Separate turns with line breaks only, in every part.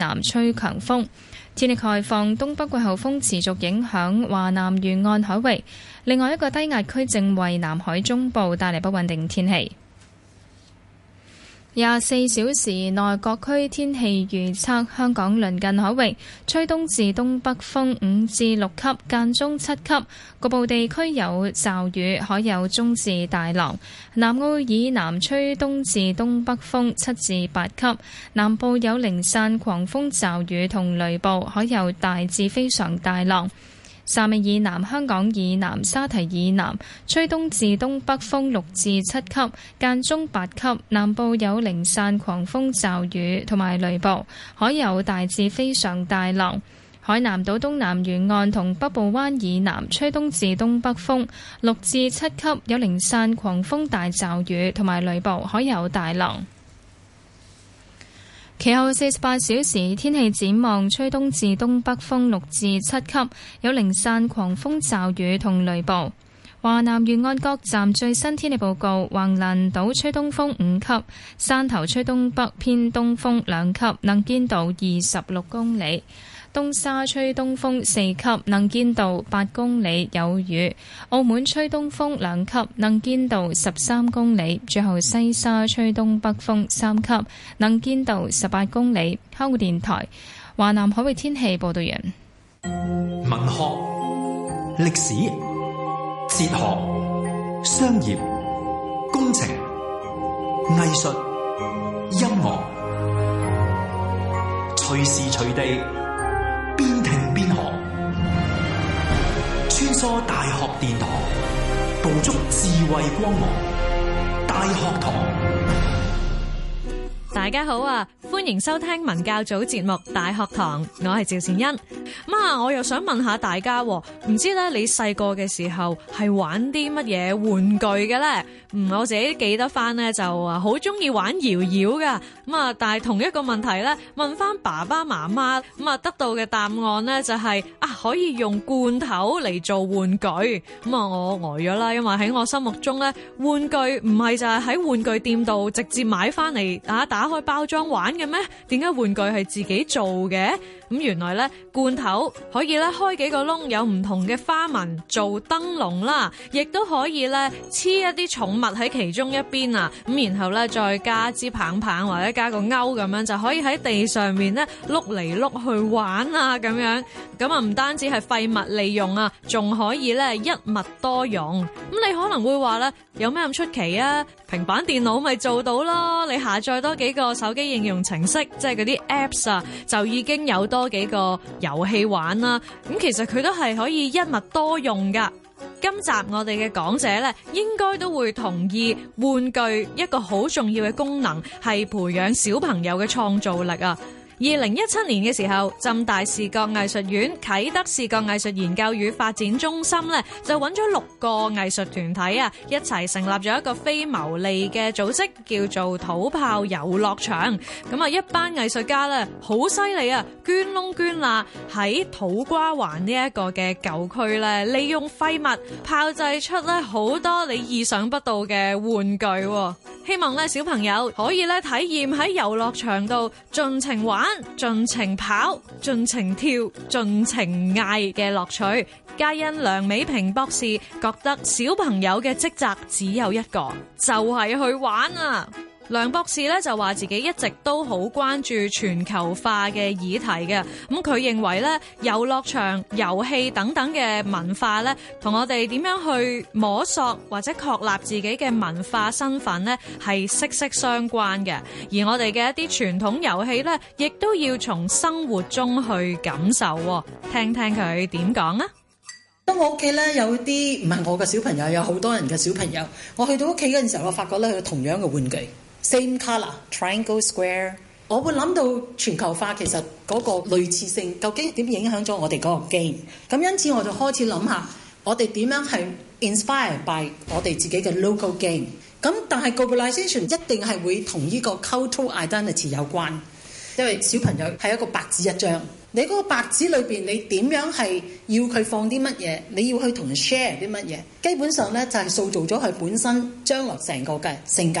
南吹強風，天氣開放。東北季候風持續影響華南沿岸海域，另外一個低壓區正為南海中部帶來不穩定天氣。廿四小時內各區天氣預測：香港鄰近海域吹東至東北風五至六級，間中七級，局部地區有驟雨，海有中至大浪。南澳以南吹東至東北風七至八級，南部有零散狂風驟雨同雷暴，海有大至非常大浪。汕尾以南，香港以南沙堤以南吹東至東北風六至七級，間中八級，南部有零散狂風驟雨同埋雷暴，海有大至非常大浪。海南島東南沿岸同北部灣以南吹東至東北風六至七級，有零散狂風大驟雨同埋雷暴，海有大浪。其後四十八小時天氣展望，吹東至東北風六至七級，有零散狂風、驟雨同雷暴。華南沿岸各站最新天氣報告：橫瀾島吹東風五級，汕頭吹東北偏東風兩級，能見度二十六公里。東沙吹東風四級，能見度八公里，有雨。澳門吹東風兩級，能見度十三公里。最後西沙吹東北風三級，能見度十八公里。香港電台華南海域天氣報道員。
文學、歷
史、哲學、商業、工程、藝術、音樂，隨
時隨地。邊聽邊學，穿梭大學殿堂，捕捉智慧光芒。大學堂，
大家好啊，歡迎收聽文教組節目《大學堂》。我趙，我係趙善恩。咁啊，我又想問下大家，唔知咧，你細個嘅時候係玩啲乜嘢玩具嘅咧？嗯，我自己記得翻咧就啊好中意玩搖搖噶咁啊，但係同一個問題咧問翻爸爸媽媽咁啊得到嘅答案咧就係啊可以用罐頭嚟做玩具咁啊我呆咗啦，因為喺我心目中咧玩具唔係就係喺玩具店度直接買翻嚟打打開包裝玩嘅咩？點解玩具係自己做嘅？咁原來咧罐頭可以咧開幾個窿，有唔同嘅花紋做燈籠啦，亦都可以咧黐一啲寵物喺其中一邊啊。咁然後咧再加支棒棒或者加個勾咁樣，就可以喺地上面咧碌嚟碌去玩啊。咁樣咁啊，唔單止係廢物利用啊，仲可以咧一物多用。咁你可能會話咧，有咩咁出奇啊？平板電腦咪做到咯，你下載多幾個手機應用程式，即係嗰啲 Apps 啊，就已經有多幾個遊戲玩啦。咁其實佢都係可以一物多用㗎。今集我哋嘅講者呢，應該都會同意玩具一個好重要嘅功能，係培養小朋友嘅創造力啊。二零一七年嘅時候，浸大視覺藝術院啟德視覺藝術研究與發展中心咧，就揾咗六個藝術團體啊，一齊成立咗一個非牟利嘅組織，叫做土炮遊樂場。咁啊，一班藝術家咧好犀利啊，捐窿捐罅喺土瓜灣呢一個嘅舊區咧，利用廢物炮製出咧好多你意想不到嘅玩具。希望咧小朋友可以咧體驗喺遊樂場度盡情玩。盡情跑、盡情跳、盡情嗌嘅樂趣，皆因梁美萍博士覺得小朋友嘅職責只有一個，就係、是、去玩啊！梁博士咧就話自己一直都好關注全球化嘅議題嘅。咁佢認為咧，遊樂場、遊戲等等嘅文化咧，同我哋點樣去摸索或者確立自己嘅文化身份咧，係息息相關嘅。而我哋嘅一啲傳統遊戲咧，亦都要從生活中去感受啊。聽聽佢點講啊？
當我屋企咧有啲唔係我嘅小朋友，有好多人嘅小朋友。我去到屋企嗰陣時候，我發覺咧佢同樣嘅玩具。same color triangle square，我會諗到全球化其實嗰個類似性究竟點影響咗我哋嗰個 game。咁因此我就開始諗下我哋點樣係 inspire by 我哋自己嘅 local game。咁但係 globalisation 一定係會同呢個 cultural identity 有關，因為小朋友係一個白紙一張。你嗰個白紙裏邊你點樣係要佢放啲乜嘢，你要去同 share 啲乜嘢，基本上呢，就係、是、塑造咗佢本身將來成個嘅性格。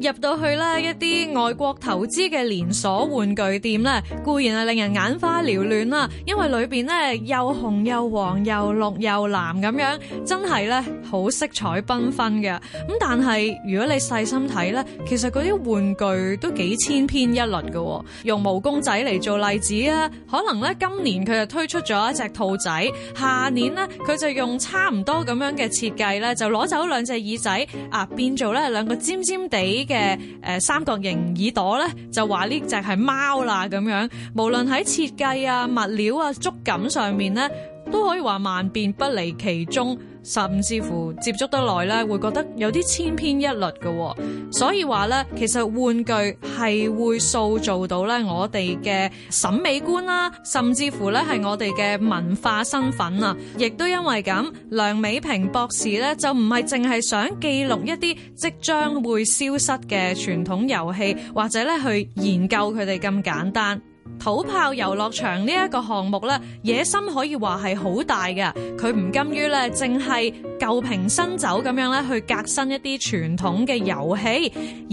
入到去咧，一啲外國投資嘅連鎖玩具店咧，固然係令人眼花繚亂啦。因為裏邊咧又紅又黃又綠又藍咁樣，真係咧好色彩繽紛嘅。咁但係如果你細心睇咧，其實嗰啲玩具都幾千篇一律嘅。用毛公仔嚟做例子啊，可能咧今年佢就推出咗一隻兔仔，下年咧佢就用差唔多咁樣嘅設計咧，就攞走兩隻耳仔啊，變做咧兩個尖尖地。嘅誒三角形耳朵咧，就話呢隻係貓啦咁樣。無論喺設計啊、物料啊、觸感上面咧，都可以話萬變不離其宗。甚至乎接觸得耐咧，會覺得有啲千篇一律嘅，哦，所以話呢，其實玩具係會塑造到呢我哋嘅審美觀啦，甚至乎呢係我哋嘅文化身份啊。亦都因為咁，梁美萍博士呢就唔係淨係想記錄一啲即將會消失嘅傳統遊戲，或者呢去研究佢哋咁簡單。土炮遊樂場呢一個項目咧，野心可以話係好大嘅，佢唔甘於咧淨係舊瓶新酒咁樣咧去革新一啲傳統嘅遊戲，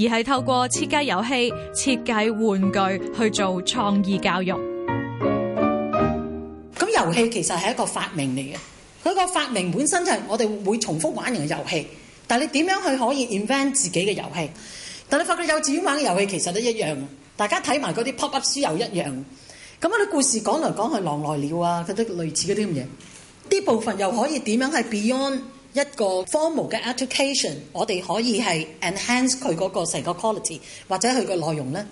而係透過設計遊戲、設
計玩具去做創意教育。咁遊戲其實係一個發明嚟嘅，佢個發明本身就係我哋會重複玩嘅遊戲，但係你點樣去可以 invent 自己嘅遊戲？但你發覺幼稚園玩嘅遊戲其實都一樣。大家睇埋嗰啲 pop-up 書又一樣，咁我哋故事講嚟講去狼來了啊，嗰啲類似嗰啲咁嘢，啲部分又可以點樣係 beyond 一個 formal 嘅 education，我哋可以係 enhance 佢嗰個成個 quality 或者佢個內容咧。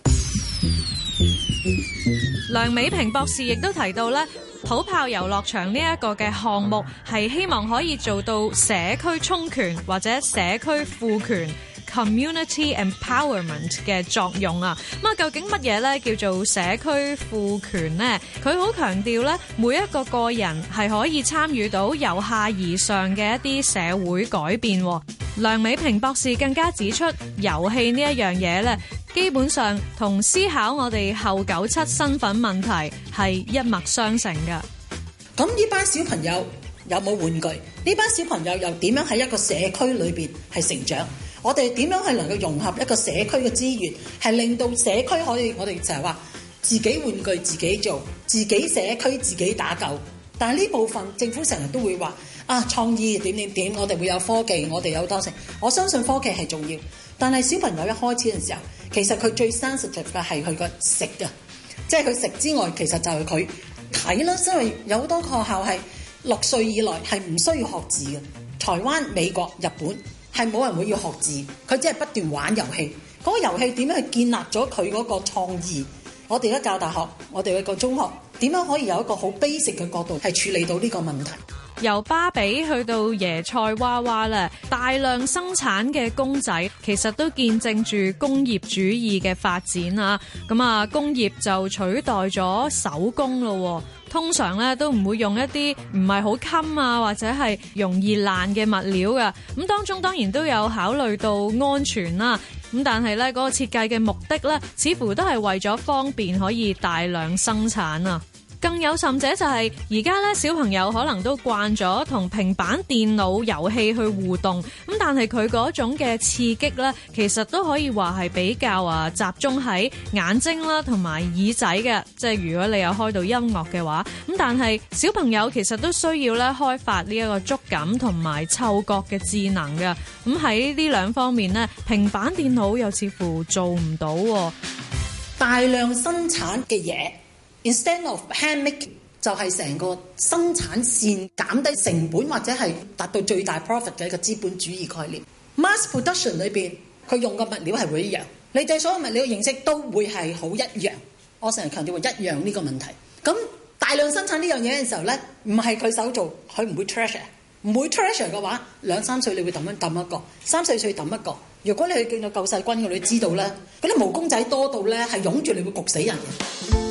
梁美萍博士亦都提到咧，土炮遊樂場呢一個嘅項目係希望可以做到社區充權或者社區賦權。Community Empowerment 嘅作用啊，咁啊究竟乜嘢咧叫做社區賦權呢？佢好強調咧，每一個個人係可以參與到由下而上嘅一啲社會改變。梁美平博士更加指出，遊戲呢一樣嘢咧，基本上同思考我哋後九七身份問題係一脈相承嘅。
咁呢班小朋友。有冇玩具？呢班小朋友又點樣喺一個社區裏邊係成長？我哋點樣係能夠融合一個社區嘅資源，係令到社區可以我哋就係話自己玩具自己做，自己社區自己打救。但係呢部分政府成日都會話啊，創意點點點，我哋會有科技，我哋有多成。我相信科技係重要，但係小朋友一開始嘅時候，其實佢最 sensitive 嘅係佢個食啊，即係佢食之外，其實就係佢睇啦。所以有好多學校係。六歲以內係唔需要學字嘅，台灣、美國、日本係冇人會要學字，佢只係不斷玩遊戲。嗰、嗰個遊戲點樣去建立咗佢嗰個創意？我哋而家教大學，我哋嘅個中學點樣可以有一個好 basic 嘅角度係處理到呢個問題？
由芭比去到椰菜娃娃咧，大量生產嘅公仔其實都見證住工業主義嘅發展啊。咁啊，工業就取代咗手工咯。通常呢都唔會用一啲唔係好襟啊，或者係容易爛嘅物料㗎。咁當中當然都有考慮到安全啦。咁但係呢嗰個設計嘅目的呢，似乎都係為咗方便可以大量生產啊。更有甚者就係而家咧，小朋友可能都慣咗同平板電腦遊戲去互動，咁但係佢嗰種嘅刺激咧，其實都可以話係比較啊集中喺眼睛啦，同埋耳仔嘅。即係如果你有開到音樂嘅話，咁但係小朋友其實都需要咧開發呢一個觸感同埋嗅覺嘅智能嘅。咁喺呢兩方面呢，平板電腦又似乎做唔到，哦，
大量生產嘅嘢。instead of handmade 就係成個生產線減低成本或者係達到最大 profit 嘅一個資本主義概念。mass production 裏邊佢用嘅物料係會一樣，你對所有物料嘅認識都會係好一樣。我成日強調話一樣呢個問題。咁大量生產呢樣嘢嘅時候咧，唔係佢手做，佢唔會 treasure 唔會 treasure 嘅話，兩三歲你會抌一抌一個，三四歲抌一個。如果你去見到救世軍嘅，你知道咧，嗰啲毛公仔多到咧係擁住你會焗死人。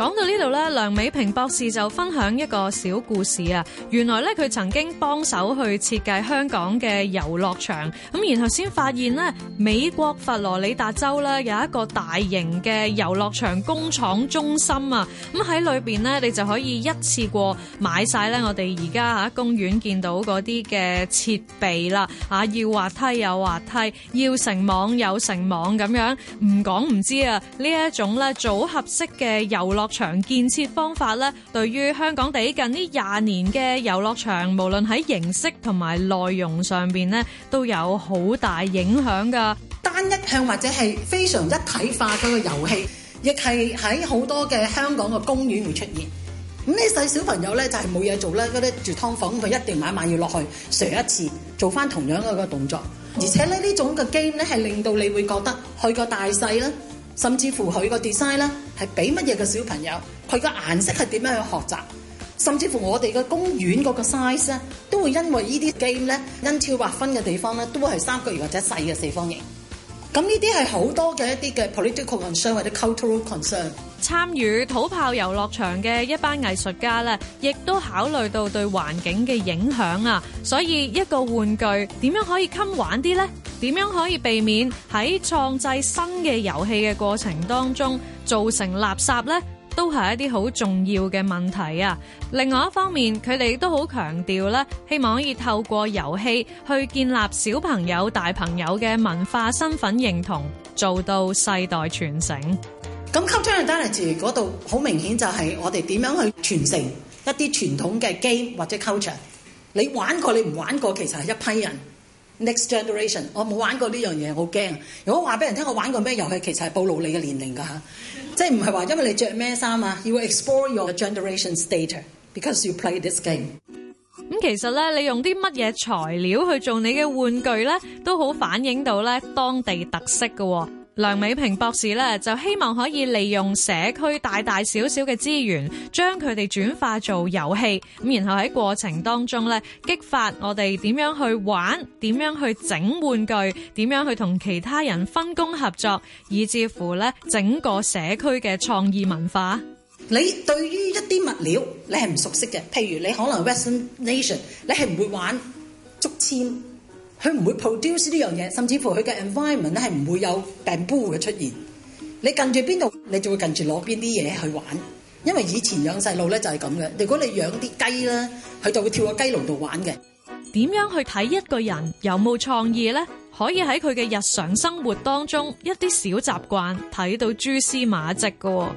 講到呢度咧，梁美平博士就分享一個小故事啊。原來咧佢曾經幫手去設計香港嘅遊樂場，咁然後先發現咧美國佛羅里達州咧有一個大型嘅遊樂場工廠中心啊。咁喺裏邊咧，你就可以一次過買晒咧我哋而家吓公園見到嗰啲嘅設備啦。啊，要滑梯有滑梯，要繩網有繩網，咁樣，唔講唔知啊。呢一種咧組合式嘅遊樂。場建設方法咧，對於香港地近呢廿年嘅遊樂場，無論喺形式同埋內容上邊咧，
都有好大影響噶。單一向或者係非常一體化嗰個遊戲，亦係喺好多嘅香港嘅公園會出現。咁呢細小朋友咧就係冇嘢做咧，嗰啲住劏房，佢一定晚晚要落去嚐一次，做翻同樣嘅一個動作。好而且咧呢種嘅 game 咧係令到你會覺得去個大細咧。甚至乎佢個 design 咧係俾乜嘢嘅小朋友，佢個顏色係點樣去學習？甚至乎我哋嘅公園嗰個 size 咧，都會因為呢啲 game 咧，因超劃分嘅地方咧，都係三角形或者細嘅四方形。咁呢啲係好多嘅一啲嘅 political concern 或者 cultural concern。
參與土炮遊樂場嘅一班藝術家咧，亦都考慮到對環境嘅影響啊，所以一個玩具點樣可以襟玩啲咧？點樣可以避免喺創製新嘅遊戲嘅過程當中造成垃圾呢？都係一啲好重要嘅問題啊！另外一方面，佢哋亦都好強調咧，希望可以透過遊戲去建立小朋友、大朋友嘅文化身份認同，做到世代傳承。
咁 culture heritage 嗰度好明顯就係我哋點樣去傳承一啲傳統嘅 game 或者 culture？你玩過，你唔玩過，其實係一批人。Next generation，我冇玩過呢樣嘢，好驚。如果話俾人聽我玩過咩遊戲，其實係暴露你嘅年齡㗎嚇，即係唔係話因為你着咩衫啊？要 you explore your generation's data because you play this game、嗯。咁
其實咧，你用啲乜嘢材料去做你嘅玩具咧，都好反映到咧當地特色嘅、哦。梁美萍博士咧就希望可以利用社區大大小小嘅資源，將佢哋轉化做遊戲，咁然後喺過程當中咧激發我哋點樣去玩，點樣去整玩具，點樣去同其他人分工合作，以至乎咧整
個社區嘅創意文化。你對於一啲物料你係唔熟悉嘅，譬如你可能 Western Nation，你係唔會玩竹籤。佢唔會 produce 呢樣嘢，甚至乎佢嘅 environment 咧係唔會有病毒嘅出現。你近住邊度，你就會近住攞邊啲嘢去玩。因為以前養細路咧就係咁嘅。如果你養啲雞咧，佢就會跳個雞籠度玩嘅。
點樣去睇一個人有冇創意咧？可以喺佢嘅日常生活當中一啲小習慣睇到蛛絲馬跡嘅。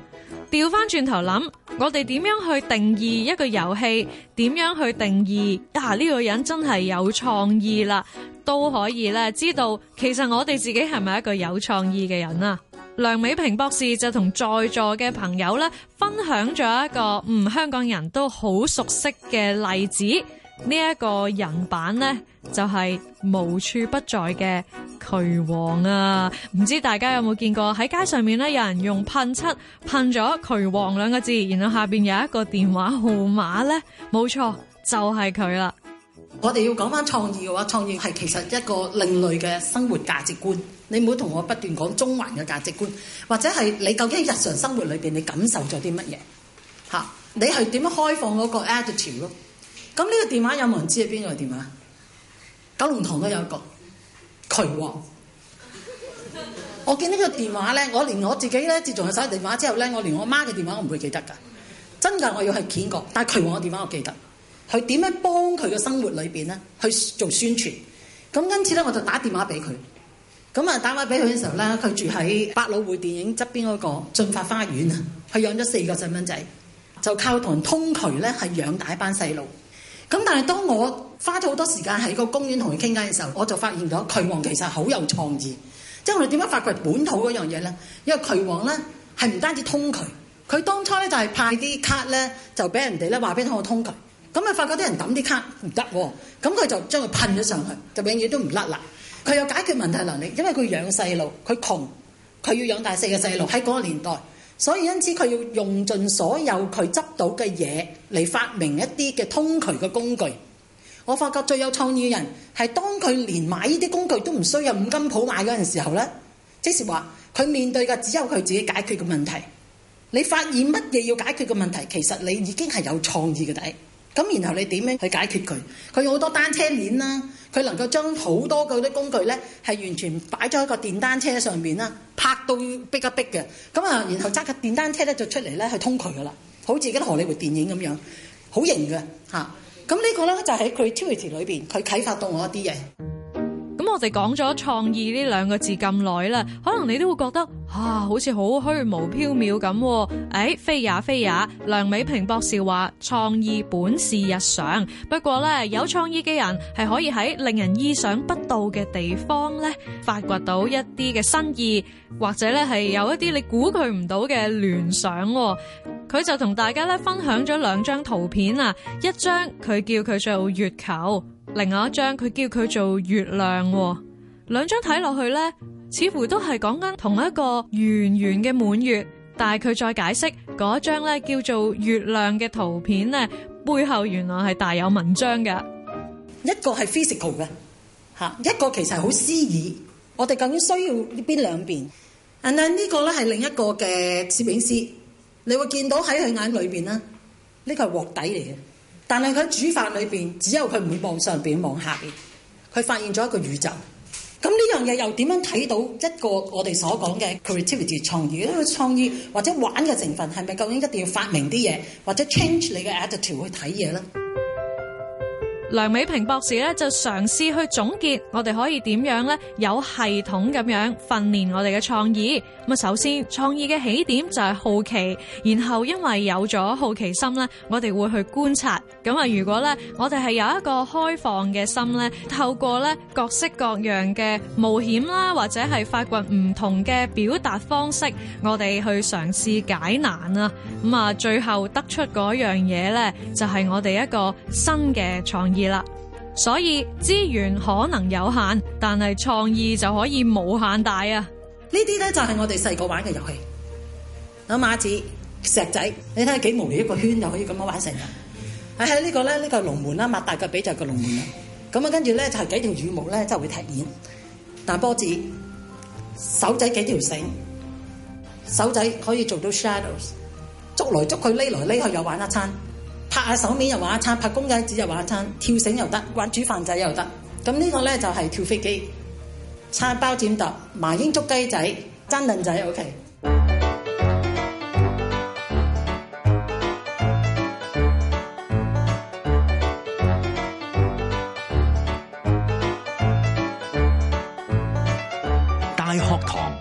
調翻轉頭諗，我哋點樣去定義一個遊戲？點樣去定義啊？呢個人真係有創意啦！都可以咧，知道其實我哋自己係咪一個有創意嘅人啊？梁美平博士就同在座嘅朋友咧，分享咗一個唔、嗯、香港人都好熟悉嘅例子，呢、這、一個人版呢，就係、是、無處不在嘅渠王啊！唔知大家有冇見過喺街上面咧，有人用噴漆噴咗渠王兩個字，然後下邊有一個電話號碼
呢，冇錯就係佢啦。我哋要講返創意嘅話，創意係其實一個另類嘅生活價值觀。你唔好同我不斷講中環嘅價值觀，或者係你究竟喺日常生活裏邊你感受咗啲乜嘢？嚇，你係點樣開放嗰個 attitude 咯？咁呢個電話有冇人知係邊個電話？九龍塘都有一個渠王。我見呢個電話咧，我連我自己咧接住佢手提電話之後咧，我連我媽嘅電話我唔會記得㗎。真㗎，我要去攪過，但係渠王嘅電話我記得。佢點樣幫佢嘅生活裏邊咧去做宣傳？咁因此咧，我就打電話俾佢。咁啊，打電話俾佢嘅時候咧，佢住喺百老匯電影側邊嗰個進發花園啊。佢養咗四個細蚊仔，就靠同通渠咧係養大一班細路。咁但係當我花咗好多時間喺個公園同佢傾偈嘅時候，我就發現咗渠王其實好有創意。即係我哋點樣發掘本土嗰樣嘢咧？因為渠王咧係唔單止通渠，佢當初咧就係派啲卡咧就俾人哋咧話俾我通渠。咁咪發覺啲人抌啲卡唔得，啊，咁佢就將佢噴咗上去，就永遠都唔甩啦。佢有解決問題能力，因為佢養細路，佢窮，佢要養大四個細路喺嗰個年代，所以因此佢要用盡所有佢執到嘅嘢嚟發明一啲嘅通渠嘅工具。我發覺最有創意嘅人係當佢連買呢啲工具都唔需要有五金鋪買嗰陣時候呢，即是話佢面對嘅只有佢自己解決嘅問題。你發現乜嘢要解決嘅問題，其實你已經係有創意嘅底。咁然後你點樣去解決佢？佢有好多單車鏈啦，佢能夠將好多嗰啲工具呢，係完全擺咗喺個電單車上面啦，泊到逼一逼嘅。咁啊，然後揸個電單車呢，就出嚟呢，去通渠噶啦，好似嗰啲荷里活電影咁樣，好型嘅嚇。咁呢個呢，就喺佢 creativity 裏邊，佢啟發到我一啲嘢。
咁我哋講咗創意呢兩個字咁耐啦，可能你都
會覺得啊，好似好
虛無縹緲咁。誒、哎，非也非也，梁美平博士話創意本是日常，不過呢，有創意嘅人係可以喺令人意想不到嘅地方咧，發掘到一啲嘅新意，或者咧係有一啲你估佢唔到嘅聯想。佢就同大家咧分享咗兩張圖片啊，一張佢叫佢做月球。另外一張佢叫佢做月亮、哦，兩張睇落去咧，似乎都係講緊同一個圓圓嘅滿月，但係佢再解釋嗰張咧叫做月亮嘅圖片咧，
背後原來係大有文章嘅，一個係 physical 嘅吓，一個其實係好詩意。我哋究竟需要呢邊兩邊？嗱，呢個咧係另一個嘅攝影師，你會見到喺佢眼裏邊咧，呢、這個係鑊底嚟嘅。但係佢喺煮飯裏邊，只有佢唔會望上邊望下邊，佢發現咗一個宇宙。咁呢樣嘢又點樣睇到一個我哋所講嘅 creativity 創意？因為創意或者玩嘅成分係咪究竟一定要發明啲嘢，或者 change 你嘅 attitude 去睇嘢咧？梁美萍博士咧就嘗試去總結我哋
可以點樣咧有系統咁樣訓練我哋嘅創意。咁啊，首先創意嘅起點就係好奇，然後因為有咗好奇心咧，我哋會去觀察。咁啊，如果咧我哋係有一個開放嘅心咧，透過咧各式各樣嘅冒險啦，或者係發掘唔同嘅表達方式，我哋去嘗試解難啊。咁啊，最後得出嗰樣嘢咧，就係我哋一個新嘅創意。啦，所以資源可能有限，
但係創意就可以無限大啊！呢啲咧就係我哋細個玩嘅遊戲，攞馬子、石仔，你睇下幾無聊，一個圈就可以咁樣玩成啦。啊、哎，呢個、呢、呢個咧呢個龍門啦，擘大個髀就係個龍門啦。咁啊，跟住咧就係幾條羽毛咧就會踢毽。彈波子、手仔幾條繩、手仔可以做到 shadows，捉來捉去，匿來匿去又玩一餐。拍下手面又玩一餐，拍公仔紙又玩一餐，跳繩又得，玩煮飯仔又得。咁呢個咧就係、是、跳飛機、擦包剪揼、麻鷹捉雞仔、爭凳仔。OK。大學堂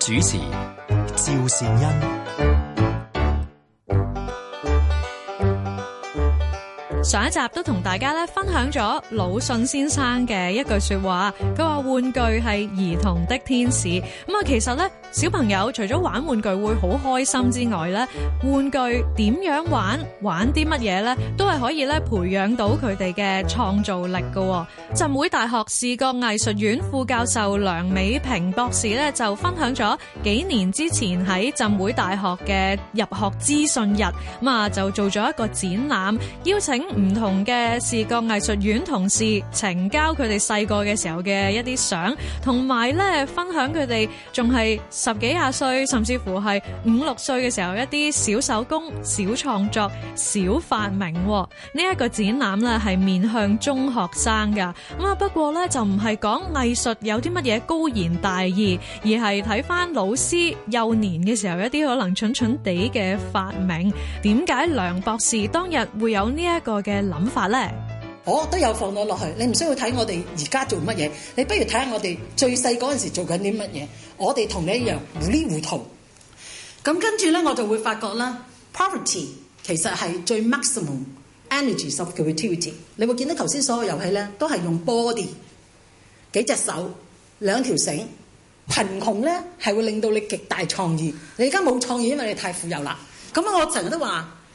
主持趙善欣。
上一集都同大家咧分享咗魯迅先生嘅一句說話，佢話玩具係兒童的天使，咁啊其實咧。小朋友除咗玩玩具會好開心之外咧，玩具點樣玩，玩啲乜嘢咧，都係可以咧培養到佢哋嘅創造力噶、哦。浸會大學視覺藝術院副教授梁美萍博士咧就分享咗幾年之前喺浸會大學嘅入學資訊日，咁啊就做咗一個展覽，邀請唔同嘅視覺藝術院同事呈交佢哋細個嘅時候嘅一啲相，同埋咧分享佢哋仲係。十幾廿歲，甚至乎係五六歲嘅時候，一啲小手工、小創作、小發明，呢一個展覽呢係面向中學生噶。咁啊，不過呢，就唔係講藝術有啲乜嘢高言大義，而係睇返老師幼年嘅時候一啲可能蠢蠢地嘅發明。點解梁博士當日會有
呢一個嘅諗法呢？我、oh, 都有放咗落去，你唔需要睇我哋而家做乜嘢，你不如睇下我哋最細嗰陣時做緊啲乜嘢。我哋同你一樣糊裏糊塗，咁跟住咧我就會發覺啦。Poverty 其實係最 maximum energy creativity。你會見到頭先所有遊戲咧都係用 body 幾隻手兩條繩，貧窮咧係會令到你極大創意。你而家冇創意，因為你太富有啦。咁我成日都話。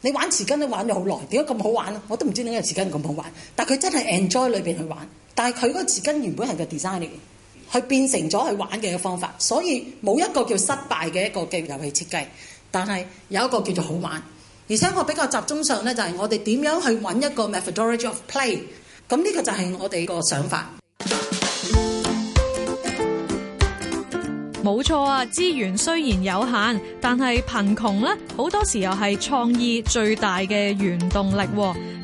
你玩匙羹都玩咗好耐，點解咁好玩咧？我都唔知點解匙羹咁好玩，但係佢真係 enjoy 裏邊去玩。但係佢嗰個匙羹原本係個 design 嚟嘅，佢變成咗去玩嘅一個方法，所以冇一個叫失敗嘅一個嘅遊戲設計。但係有一個叫做好玩，而且我比較集中上咧，就係我哋點樣去揾一個 methodology of play。咁呢個就係我哋個想法。冇錯
啊，資源雖然有限，但係貧窮咧，好多時候係創意最大嘅原動力。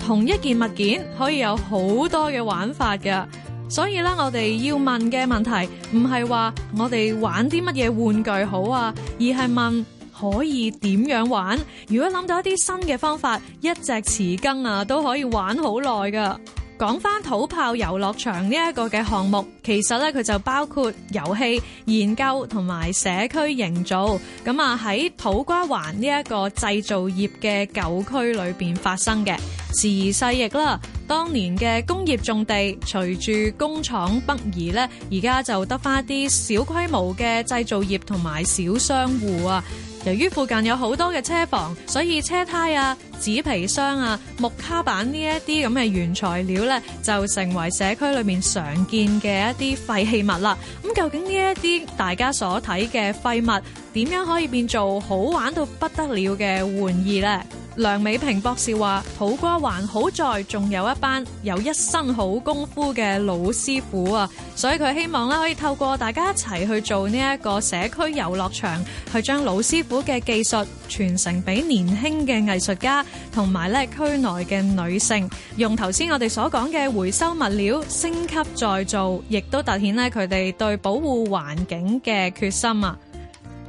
同一件物件可以有好多嘅玩法噶，所以啦，我哋要問嘅問題唔係話我哋玩啲乜嘢玩具好啊，而係問可以點樣玩？如果諗到一啲新嘅方法，一隻匙羹啊都可以玩好耐噶。講翻土炮遊樂場呢一個嘅項目，其實呢，佢就包括遊戲、研究同埋社區營造。咁啊喺土瓜灣呢一個製造業嘅舊區裏邊發生嘅時而世易啦，當年嘅工業重地隨住工廠北移呢，而家就得翻啲小規模嘅製造業同埋小商戶啊。由於附近有好多嘅車房，所以車胎啊、紙皮箱啊、木卡板呢一啲咁嘅原材料咧，就成為社區裏面常見嘅一啲廢棄物啦。咁究竟呢一啲大家所睇嘅廢物，點樣可以變做好玩到不得了嘅玩意呢？梁美平博士話：土瓜灣好在，仲有一班有一身好功夫嘅老師傅啊，所以佢希望咧可以透過大家一齊去做呢一個社區遊樂場，去將老師傅嘅技術傳承俾年輕嘅藝術家，同埋咧區內嘅女性，用頭先我哋所講嘅回收物料升級再造，亦都突顯咧佢哋對保護環境嘅決心啊。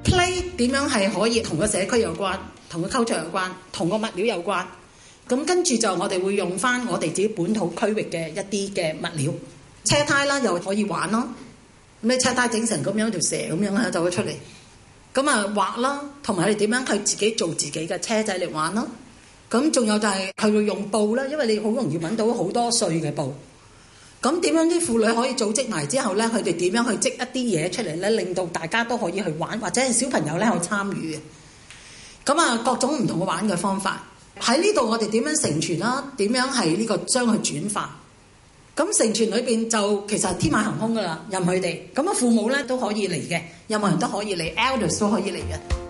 Play 點樣係可以同個社區有關？同個構造有關，同個物料有關。咁跟住就我哋會用翻我哋自己本土區域嘅一啲嘅物料，車胎啦又可以玩咯。咩你車胎整成咁樣條蛇咁樣啊，就會出嚟。咁啊畫啦，同埋佢哋點樣去自己做自己嘅車仔嚟玩啦。咁仲有就係佢會用布啦，因為你好容易揾到好多碎嘅布。咁點樣啲婦女可以組織埋之後咧，佢哋點樣去織一啲嘢出嚟咧，令到大家都可以去玩，或者係小朋友咧去參與嘅。咁啊，各種唔同嘅玩嘅方法喺呢度，我哋點樣承傳啦？點樣係呢個將佢轉化？咁承傳裏邊就其實天馬行空噶啦，任佢哋。咁啊，父母咧都可以嚟嘅，任何人都可以嚟，elders 都可以嚟嘅。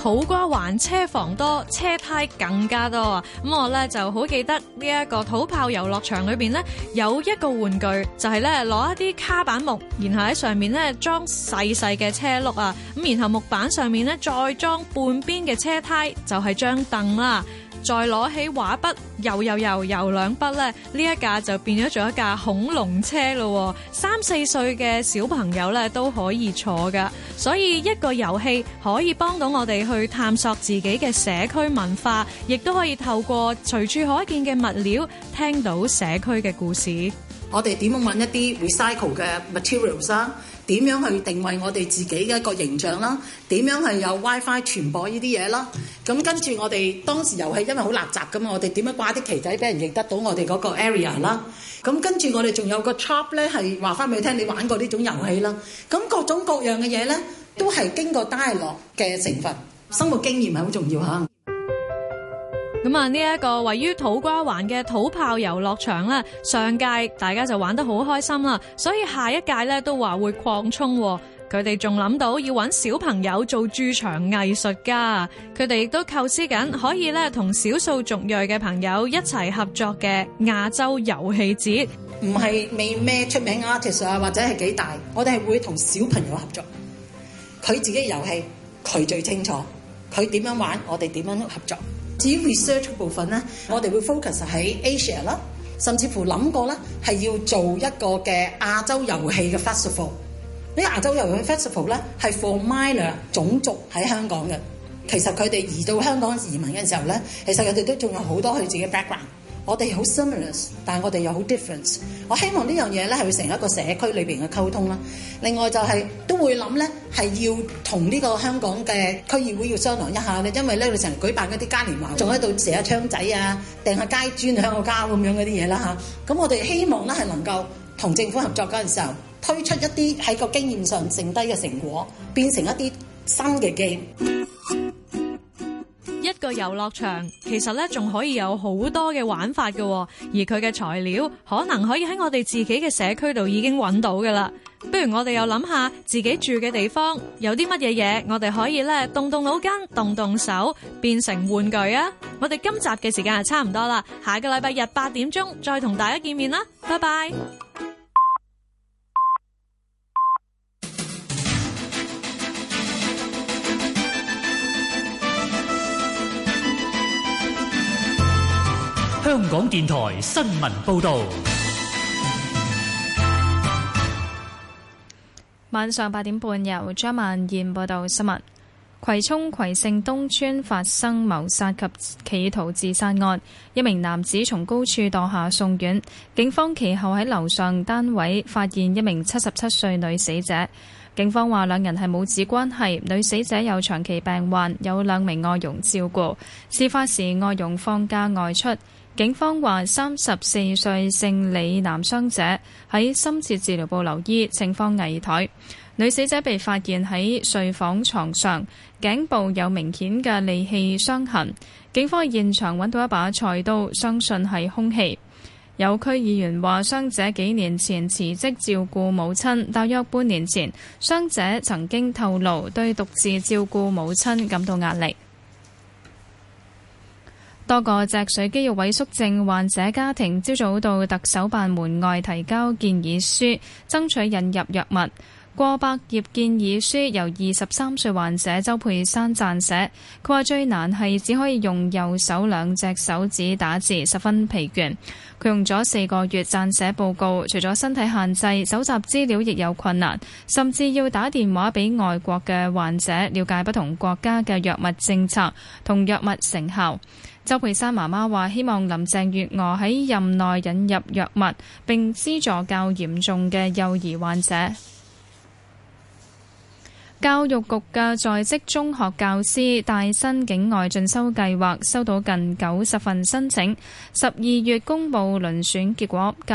土瓜灣車房多，車胎更加多啊！咁我咧就好記得呢一個土炮遊樂場裏邊咧有一個玩具，就係咧攞一啲卡板木，然後喺上面咧裝細細嘅車轆啊，咁然後木板上面咧再裝半邊嘅車胎，就係張凳啦。再攞起畫筆，又又又又兩筆咧，呢一架就變咗做一架恐龍車咯。三四歲嘅小朋友咧都可以坐㗎，所以一個遊戲可以幫到我哋去探索自己嘅社區文化，亦都可以透過隨處可見嘅物料聽到社區嘅故
事。我哋點樣揾一啲 recycle 嘅 materials 啦？點樣去定位我哋自己嘅一個形象啦？點樣係有 WiFi 傳播呢啲嘢啦？咁跟住我哋當時遊戲因為好垃圾噶嘛，我哋點樣掛啲旗仔俾人認得到我哋嗰個 area 啦？咁跟住我哋仲有個 trap 咧，係話翻俾你聽，你玩過呢種遊戲啦？咁各種各樣嘅嘢呢，都係經過 dialogue 嘅成分，生活經驗係好重要嚇。
咁啊！呢一個位於土瓜灣嘅土炮遊樂場咧，上屆大家就玩得好開心啦，所以下一屆咧都話會擴充。佢哋仲諗到要揾小朋友做駐場藝術家，佢哋亦都構思緊可以咧同少數族裔嘅朋友一齊合作嘅亞洲遊戲節，
唔係未咩出名 artist 啊，或者係幾大，我哋係會同小朋友合作。佢自己遊戲，佢最清楚，佢點樣玩，我哋點樣合作。至於 research 部分咧，我哋會 focus 喺 Asia 啦，甚至乎諗過咧係要做一個嘅亞洲遊戲嘅 festival。啲亞洲遊戲 festival 咧係 for minor 種族喺香港嘅，其實佢哋移到香港移民嘅時候咧，其實佢哋都仲有好多佢自己嘅 background。我哋好 similar，但係我哋又好 difference 我希望呢樣嘢，呢係會成一個社區裏邊嘅溝通啦。另外就係、是、都會諗呢，係要同呢個香港嘅區議會要商量一下咧，因為呢你成日舉辦嗰啲嘉年華，仲喺度射下槍仔啊、掟下街磚響個膠咁樣嗰啲嘢啦吓，咁、嗯、我哋希望呢，係能夠同政府合作嗰陣時候推出一啲喺個經驗上剩低嘅成果，變成一啲新嘅 game。
一個遊樂場其實咧，仲可以有好多嘅玩法㗎喎，而佢嘅材料可能可以喺我哋自己嘅社區度已經揾到㗎啦。不如我哋又諗下自己住嘅地方有啲乜嘢嘢，我哋可以咧，動動腦筋、動動手變成玩具啊！我哋今集嘅時間係差唔多啦，下個禮拜日八點鐘再同大家見面啦，拜拜。
香港電台新聞報道，
晚上八點半由張曼燕報道新聞。葵涌葵盛東村，發生謀殺及企圖自殺案，一名男子從高處墮下送院，警方其後喺樓上單位發現一名七十七歲女死者。警方話兩人係母子關係，女死者有長期病患，有兩名外傭照顧。事發時外傭放假外出。警方話，三十四歲姓李男傷者喺深切治療部留醫，情況危殆。女死者被發現喺睡房床上，頸部有明顯嘅利器傷痕。警方現場揾到一把菜刀，相信係凶器。有區議員話，傷者幾年前辭職照顧母親，大約半年前，傷者曾經透露對獨自照顧母親感到壓力。多個脊髓肌肉萎縮症患者家庭朝早到特首辦門外提交建議書，爭取引入藥物。過百頁建議書由二十三歲患者周佩珊撰寫，佢話最難係只可以用右手兩隻手指打字，十分疲倦。佢用咗四個月撰寫報告，除咗身體限制，搜集資料亦有困難，甚至要打電話俾外國嘅患者，了解不同國家嘅藥物政策同藥物成效。周佩珊媽媽話：希望林鄭月娥喺任內引入藥物，並資助較嚴重嘅幼兒患者。教育局嘅在職中學教師帶薪境外進修計劃收到近九十份申請，十二月公佈遴選結果。教